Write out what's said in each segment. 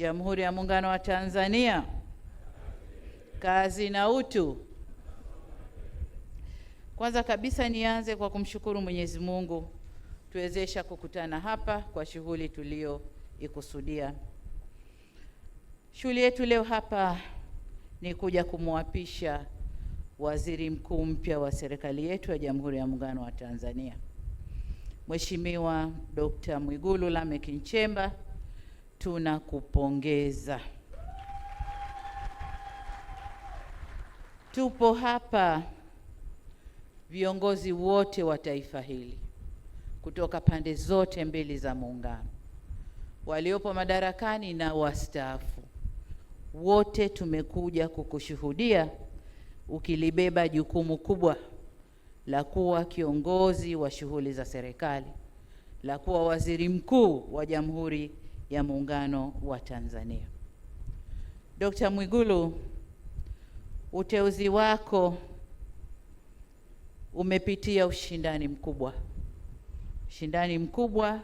Jamhuri ya Muungano wa Tanzania, kazi na utu. Kwanza kabisa nianze kwa kumshukuru Mwenyezi Mungu tuwezesha kukutana hapa kwa shughuli tuliyoikusudia. Shughuli yetu leo hapa ni kuja kumwapisha waziri mkuu mpya wa serikali yetu ya Jamhuri ya Muungano wa Tanzania, Mheshimiwa Dr. Mwigulu Lameck Nchemba tunakupongeza. Tupo hapa viongozi wote wa taifa hili kutoka pande zote mbili za Muungano, waliopo madarakani na wastaafu, wote tumekuja kukushuhudia ukilibeba jukumu kubwa la kuwa kiongozi wa shughuli za serikali, la kuwa waziri mkuu wa Jamhuri ya Muungano wa Tanzania. Dkt. Mwigulu, uteuzi wako umepitia ushindani mkubwa, ushindani mkubwa,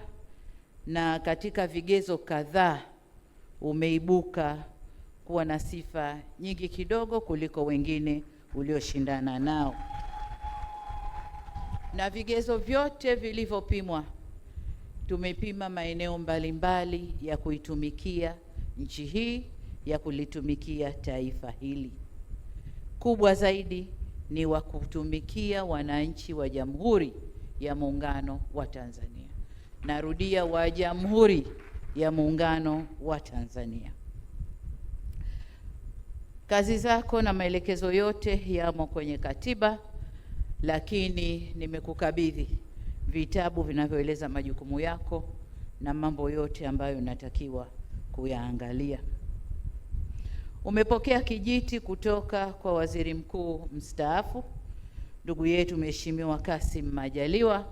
na katika vigezo kadhaa umeibuka kuwa na sifa nyingi kidogo kuliko wengine ulioshindana nao, na vigezo vyote vilivyopimwa Tumepima maeneo mbalimbali ya kuitumikia nchi hii, ya kulitumikia taifa hili. Kubwa zaidi ni wa kutumikia wananchi wa Jamhuri ya Muungano wa Tanzania. Narudia, wa Jamhuri ya Muungano wa Tanzania. Kazi zako na maelekezo yote yamo kwenye katiba, lakini nimekukabidhi vitabu vinavyoeleza majukumu yako na mambo yote ambayo unatakiwa kuyaangalia. Umepokea kijiti kutoka kwa Waziri Mkuu mstaafu ndugu yetu Mheshimiwa Kassim Majaliwa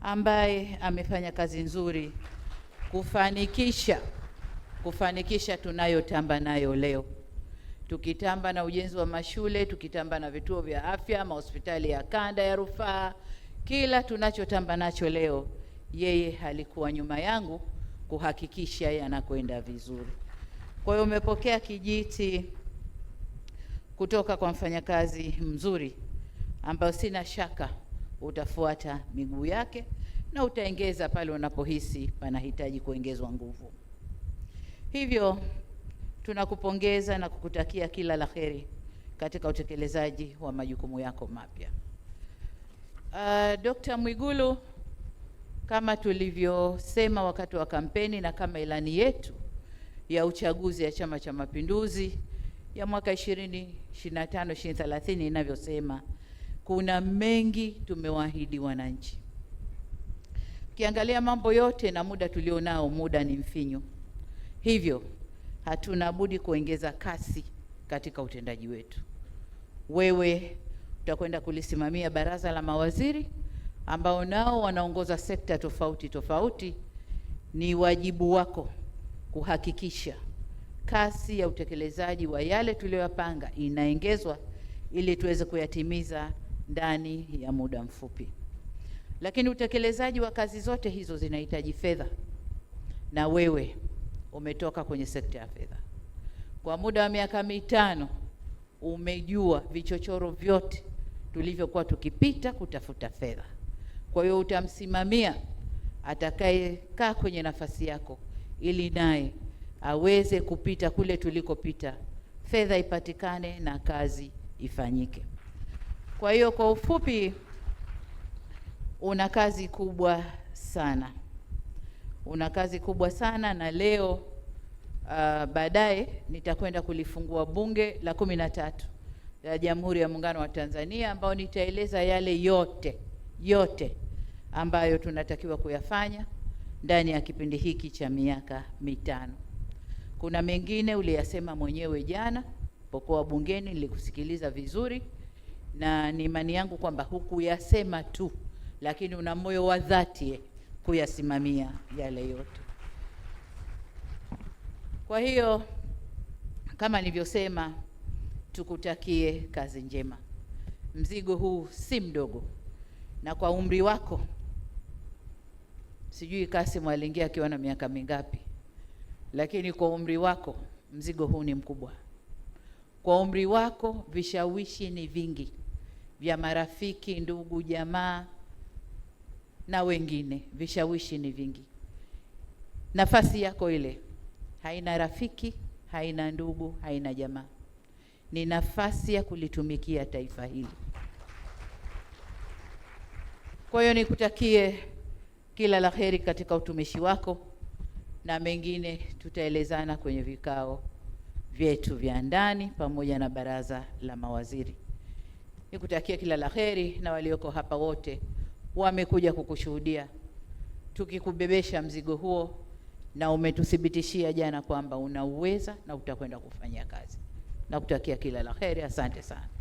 ambaye amefanya kazi nzuri kufanikisha kufanikisha tunayotamba nayo leo, tukitamba na ujenzi wa mashule, tukitamba na vituo vya afya, mahospitali ya kanda ya rufaa kila tunachotamba nacho leo, yeye alikuwa nyuma yangu kuhakikisha yanakwenda vizuri. Kwa hiyo umepokea kijiti kutoka kwa mfanyakazi mzuri ambayo sina shaka utafuata miguu yake na utaongeza pale unapohisi panahitaji kuongezwa nguvu. Hivyo tunakupongeza na kukutakia kila la heri katika utekelezaji wa majukumu yako mapya. Uh, Dr. Mwigulu kama tulivyosema wakati wa kampeni na kama ilani yetu ya uchaguzi ya Chama cha Mapinduzi ya mwaka 2025 2030 inavyosema, kuna mengi tumewaahidi wananchi. Ukiangalia mambo yote na muda tulionao, muda ni mfinyu, hivyo hatuna budi kuongeza kasi katika utendaji wetu. Wewe tutakwenda kulisimamia baraza la mawaziri ambao nao wanaongoza sekta tofauti tofauti. Ni wajibu wako kuhakikisha kasi ya utekelezaji wa yale tuliyoyapanga inaongezwa ili tuweze kuyatimiza ndani ya muda mfupi. Lakini utekelezaji wa kazi zote hizo zinahitaji fedha, na wewe umetoka kwenye sekta ya fedha kwa muda wa miaka mitano, umejua vichochoro vyote tulivyokuwa tukipita kutafuta fedha. Kwa hiyo utamsimamia atakayekaa kwenye nafasi yako, ili naye aweze kupita kule tulikopita, fedha ipatikane na kazi ifanyike. Kwa hiyo kwa ufupi, una kazi kubwa sana, una kazi kubwa sana na leo uh, baadaye nitakwenda kulifungua bunge la kumi na tatu ya Jamhuri ya Muungano wa Tanzania, ambao nitaeleza yale yote yote ambayo tunatakiwa kuyafanya ndani ya kipindi hiki cha miaka mitano. Kuna mengine uliyasema mwenyewe jana pokuwa bungeni, nilikusikiliza vizuri, na ni imani yangu kwamba hukuyasema tu, lakini una moyo wa dhati kuyasimamia yale yote. Kwa hiyo kama nilivyosema tukutakie kazi njema. Mzigo huu si mdogo, na kwa umri wako, sijui Kassim aliingia akiwa na miaka mingapi, lakini kwa umri wako mzigo huu ni mkubwa. Kwa umri wako vishawishi ni vingi vya marafiki, ndugu, jamaa na wengine, vishawishi ni vingi. Nafasi yako ile haina rafiki, haina ndugu, haina jamaa ni nafasi ya kulitumikia taifa hili. Kwa hiyo nikutakie kila la heri katika utumishi wako, na mengine tutaelezana kwenye vikao vyetu vya ndani pamoja na baraza la mawaziri. nikutakie kila la heri, na walioko hapa wote wamekuja kukushuhudia tukikubebesha mzigo huo, na umetuthibitishia jana kwamba unauweza na utakwenda kufanya kazi na kutakia kila la heri. Asante sana.